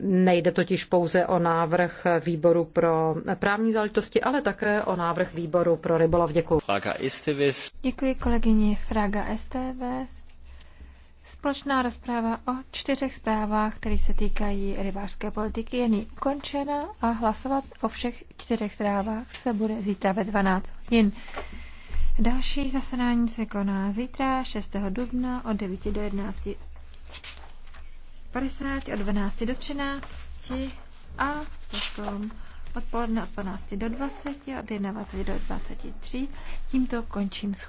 Nejde totiž pouze o návrh výboru pro právní záležitosti, ale také o návrh výboru pro rybolov. Děkuji. Děkuji kolegyni Fraga Esteves. Společná rozpráva o čtyřech zprávách, které se týkají rybářské politiky, je nyní ukončena a hlasovat o všech čtyřech zprávách se bude zítra ve 12 hodin. Další zasedání se koná zítra 6. dubna od 9 do 11. 50 od 12 do 13 a potom odpoledne od 12 do 20, od 21 do 23. Tímto končím schůzi.